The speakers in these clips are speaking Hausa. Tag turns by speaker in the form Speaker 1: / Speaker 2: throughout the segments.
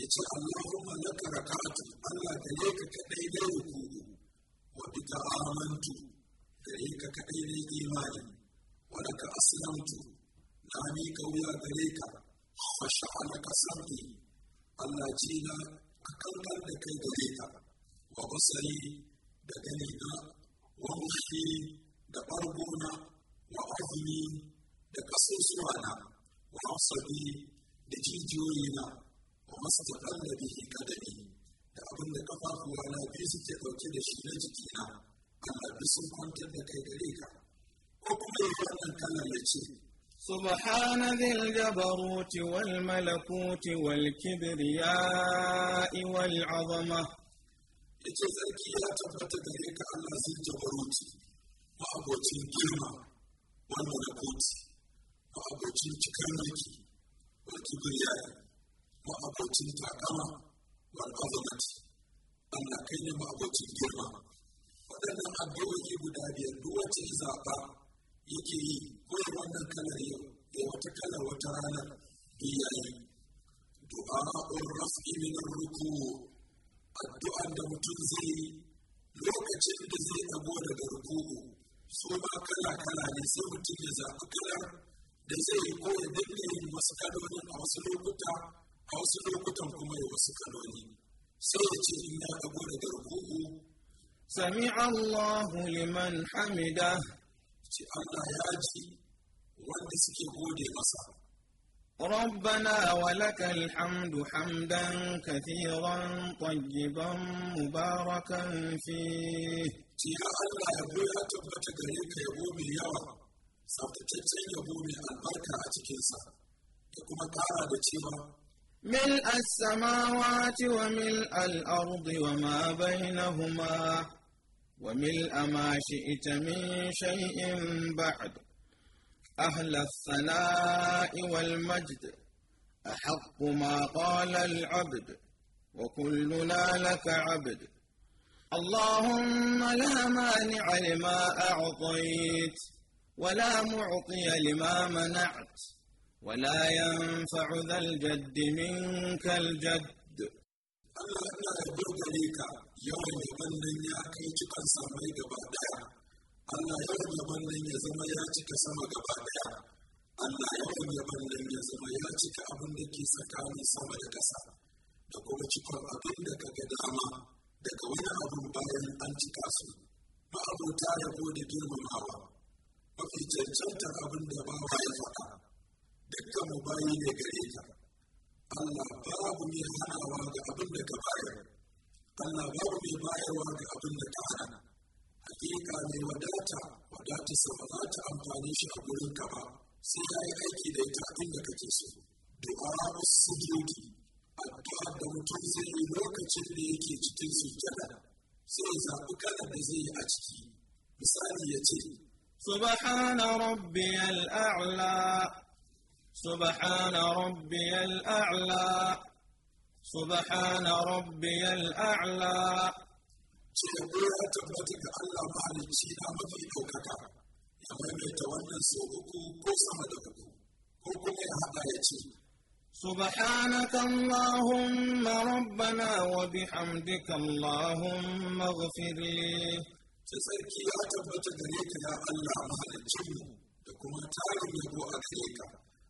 Speaker 1: ya ce Allahumma laka rakatu Allah gare ka kaɗai da ruku wa bika amantu gare ka kaɗai da imani wa laka aslamtu na mi kauya gare ka wa sha'ana ka sabbi Allah ji na a kankan da kai gare ka wa basari da gani na wa mushi da ɓargona wa azumi da kasusuwa na wa asabi da jijiyoyi na ومصدقان به kadari da abin da kafafuwa na biyu suke ɗauke da shi na jikina Allah duk sun kwantar da kai gare ka ko kuma ya wannan kalar ya ce سبحان ذي
Speaker 2: الجبروت والملكوت
Speaker 1: والكبرياء والعظمة yace sarki ya tabbata gare ka Allah zai jabaruti wa abocin girma wal malakut wa abocin cikar mulki wal kibriya ma'abocin takama wal azamati Allah kai ne ma'abocin girma waɗannan addu'o'i guda biyar duk wacce ya zaɓa yake yi ko ya wannan kalar yau ya wata kalar wata rana biyayi du'a'ur raf'i min ruku addu'an da mutum zai yi lokacin da zai dago daga ruku'u su ma kala kala ne sai mutum ya zaɓi kalar da zai yi ko ya dinga yin wasu kalolin a wasu lokuta a wasu lokutan kuma da wasu kaloli sai ya ce in ya dago daga ruku'u sami
Speaker 2: Allahu liman hamida ce Allah ya ji wanda suke gode masa ربنا ولك الحمد حمدا كثيرا طيبا مباركا فيه
Speaker 1: يا الله يبو يا تبت غريك يبو مليار سبتتتين يبو من البركة أتكنسا يكما قارا بتيما
Speaker 2: ملء السماوات وملء الأرض وما بينهما وملء ما شئت من شيء بعد أهل الثناء والمجد أحق ما قال العبد وكلنا لك عبد اللهم لا مانع لما أعطيت ولا معطي لما منعت ولا ينفع ذا الجد منك
Speaker 1: الجد الله لا يبرد لك يوم من لن يأكيش قد سمعي قبادا الله يوم من لن يزميك سمع قبادا الله يوم من لن يزميك أبنك سكان سمع قبادا دقوة شكرا أبنك قداما دقوين أبن بايان أنت كاسو ما أبو تاري أبو دي دير مماوا وفي جلجلتك أبنك باوا يفقا dukkan mu bayi ne gare ka Allah babu mai hanawa ga abin da ka bayar Allah babu mai bayarwa ga abin da ka hana hakika mai wadata wadata sa ba za ta amfani shi a gurin ka ba sai ya yi aiki da ita inda kake so du'a usujudi addu'a da mutum zai yi lokacin da yake cikin sujjada sai ya zaɓi kalar da zai yi a ciki misali ya ce subhana rabbiyal
Speaker 2: a'la سبحان ربي الأعلى
Speaker 1: سبحان ربي الأعلى Cikakkiyar tabbata ga Allah mahalicci na mafi
Speaker 2: سبحانك اللهم ربنا وبحمدك اللهم اغفر لي
Speaker 1: تسركي يا الله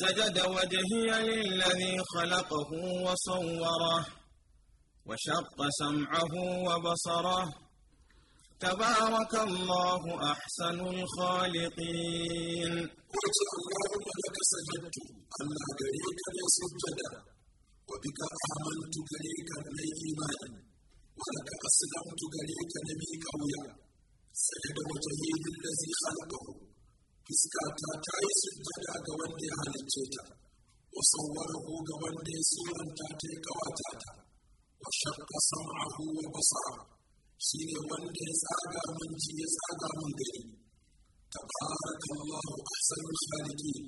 Speaker 2: سجد وجهي للذي خلقه وصوره وشق سمعه وبصره تبارك الله أحسن
Speaker 1: الخالقين قلت اللهم لك سجدت ألا كريك سجدا وبك آمنت كريك لي إيمانا ولك أسلمت كريك نبيك ويا سجد وجهي للذي خلقه fuskata ta yi sujjada ga wanda ya halicce ta wa sawwarahu ga wanda ya suranta ta ya kawata ta wa shakka sam'ahu wa basara shi ne wanda ya tsaga min ji ya tsaga min gari tabarakallahu ahsanul khaliqin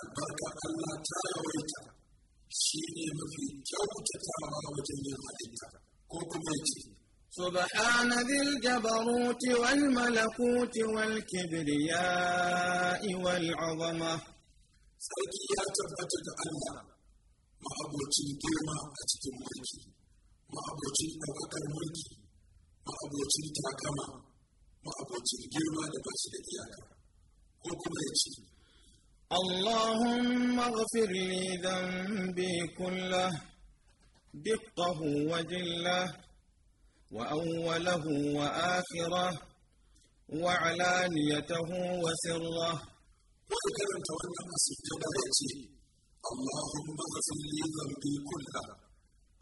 Speaker 1: albarka Allah ta yawaita shi ne mafi kyautatawa wajen yin halitta ko kuma ya ce
Speaker 2: سبحان ذي الجبروت والملكوت والكبرياء
Speaker 1: والعظمة سيدي يا تبتد الله ما أبوتي كلمة أتت الملك ما أبوتي أبوك الملك ما أبوتي تاكما ما أبوتي كلمة لبس لديك وكما يتي
Speaker 2: اللهم اغفر لي ذنبي كله دقه وجله واوله واخره وعلانيته
Speaker 1: وسره وذكر توهم سجد ياتي اللهم اغفر لي ذنبي كله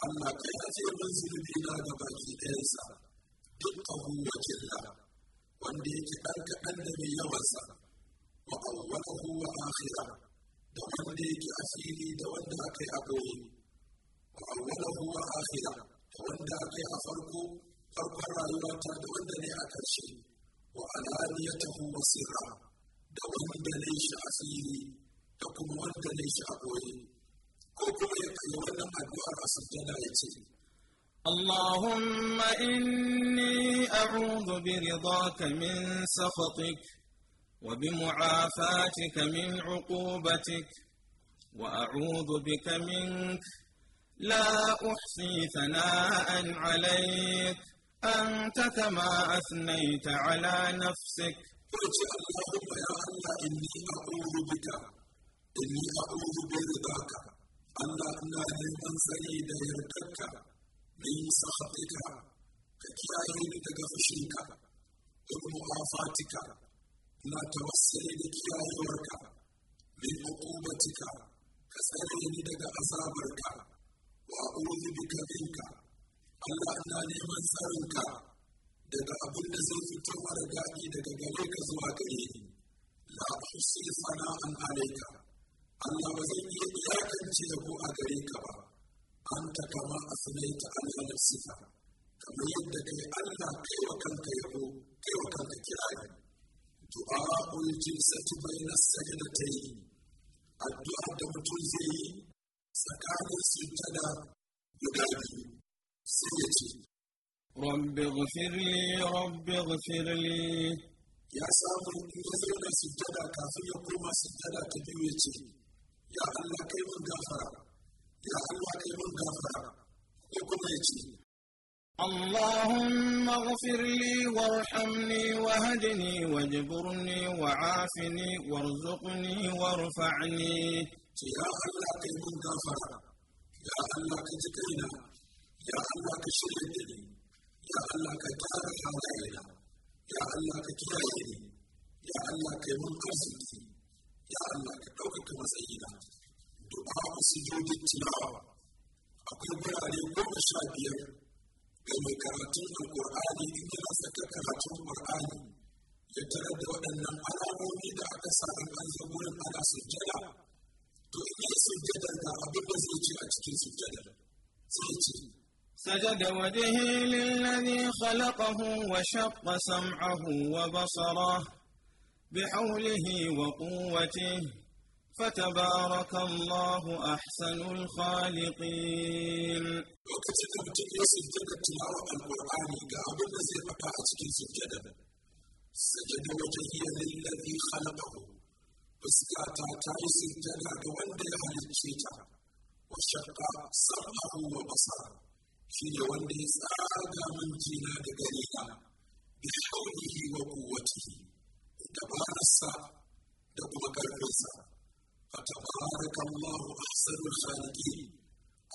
Speaker 1: اما كياتي منزل بلا نبات ايسا دقه وجله وندي أنت النبي يوسا واوله واخره دوندي كافيني دوندك ابوي واوله واخره wanda aka yi a farko farkon rayuwata da wanda ne a ƙarshe wa alaniyatahu wa sirra da wanda ne shi a tsiri da kuma wanda ne shi a ɓoye ko kuma ya kai wannan addu'ar a sujjana ya ce اللهم
Speaker 2: إني أعوذ برضاك من سخطك وبمعافاتك من عقوبتك وأعوذ بك منك لا أحصي ثناء عليك أنت كما أثنيت على
Speaker 1: نفسك قلت اللهم يا الله إني أعوذ بك إني أعوذ برضاك الله أنا لمن سيد يرضاك من سخطك كياي لدك فشلك ومن لا توسل لك يا ورك من عقوبتك كسرني لدك عذابك وأعوذ بك منك Allah ina neman tsarinka daga abin da zai fito mara daɗi daga gare ka zuwa gare ni la uhsi sana'an alayka Allah ba zan iya iyakance yabo a gare ka ba anta kama asnaita ala nafsika kamar yadda kai Allah kai wa kanka yabo kai wa kanka kirari du'a ul jinsati bayna sajdatayn addu'a da mutum zai yi رب اغفر لي رب اغفر لي يا سامر كيف يبدا سجدا كافر يقول سجدا كتب يا الله كيف غفر يا الله كيف غفر يقول
Speaker 2: اللهم اغفر لي وارحمني وهدني واجبرني وعافني وارزقني وارفعني
Speaker 1: ce ya Allah kai mun gafara ya Allah ka ji kaina ya Allah ka shirya da ni ya Allah ka gyara halayena ya Allah ka kiyaye ni ya Allah kai mun arziki ya Allah ka ɗaukaka matsayina du'a usujudin tilawa akwai birane goma sha biyar ga mai karatun alƙur'ani in yana saka karatun alƙur'ani ya tarar da waɗannan alamomi da aka sa an zo wurin ana sujjada سجد
Speaker 2: وجهه للذي خلقه وشق سمعه وبصره بحوله وقوته فتبارك الله أحسن الخالقين
Speaker 1: سجد وجهه للذي خلقه fuskata ta yi sujjada ga wanda ya halicce ta wa shakka sab'ahu wa basara shi ne wanda ya tsaga min jina da gani na bi haulihi wa quwwatihi dabararsa da kuma karfinsa فتبارك الله أحسن الخالقين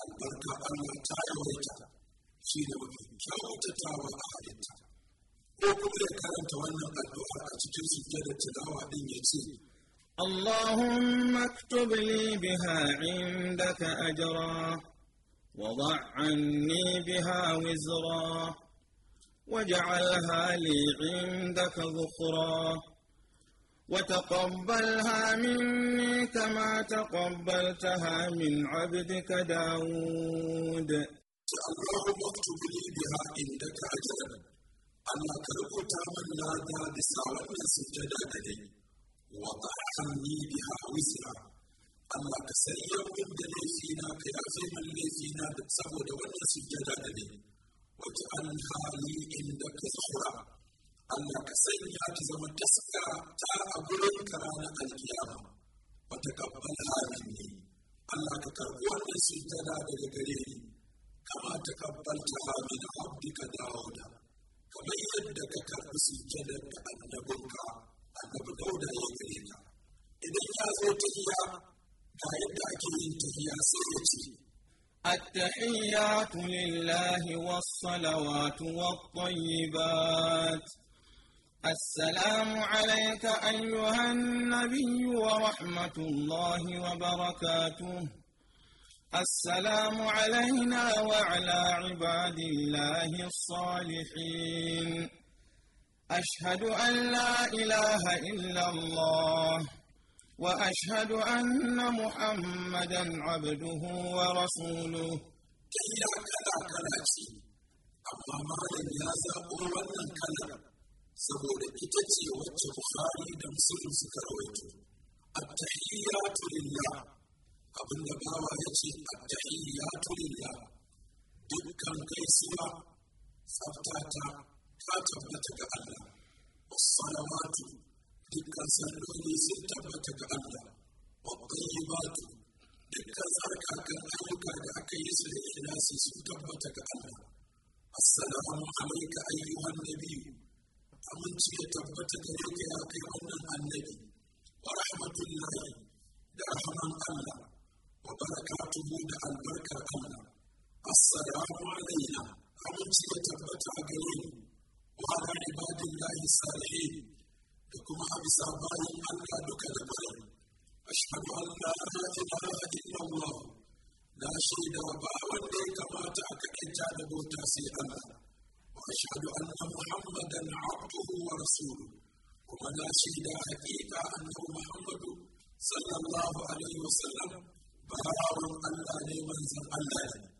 Speaker 1: البركة الله تعالى ويتا شين وكي كاوتا تاوى أحدتا وكما كانت وانا الدعاء أتجلس الجنة تلاوى إن يتيه اللهم اكتب لي بها عندك أجرا
Speaker 2: وضع عني بها وزرا واجعلها لي عندك ذخرا وتقبلها مني كما تقبلتها من عبدك داود اللهم اكتب
Speaker 1: لي بها عندك أجرا أنا كربت من نادى بساوة من سجدة وطعمني بها وسرا Allah ka sanya min da laifina ka yafe min laifina da saboda wannan sujjada da ne wata an hali inda ka zahura Allah ka sanya ki zama taska ta a gurin ka ranar alkiyama wata kabbal halin ne Allah ka karbi wannan sujjada daga gare ni kama ta kabbal ta hami da abdika dawuda kamar yadda ka karbi sujjadar da annabinka
Speaker 2: التحيات لله والصلوات والطيبات السلام عليك أيها النبي ورحمة الله وبركاته السلام علينا وعلى عباد الله الصالحين أشهد أن لا إله إلا الله وأشهد أن محمدا عبده
Speaker 1: ورسوله إلا كلا أما كلا سبور التحيات لله أبن نباوة يتي التحيات لله دكا كيسوا سبتاتا ta tabbata ga Allah wassalawatu dukkan salloli sun tabbata ga Allah wattayyibatu dukkan tsarkakan ayyuka da aka yi su da ikhlasi sun tabbata ga Allah assalamu alayka ayyuhan nabiyyu aminci ya tabbata da yake ya kai wannan annabi wa rahmatullahi da rahman Allah wa barakatuhu da albarkar Allah assalamu alaina aminci ya tabbata a gare mu وعلى عباد الله الصالحين لكما الله ألا دكنا مرم أشهد أن لا إله إلا الله لا شيء با وندي كما تأكد بوتا سي الله وأشهد أن محمدا عبده ورسوله وما لا شيء حقيقة أنه محمد صلى الله عليه وسلم باون الله لمن الله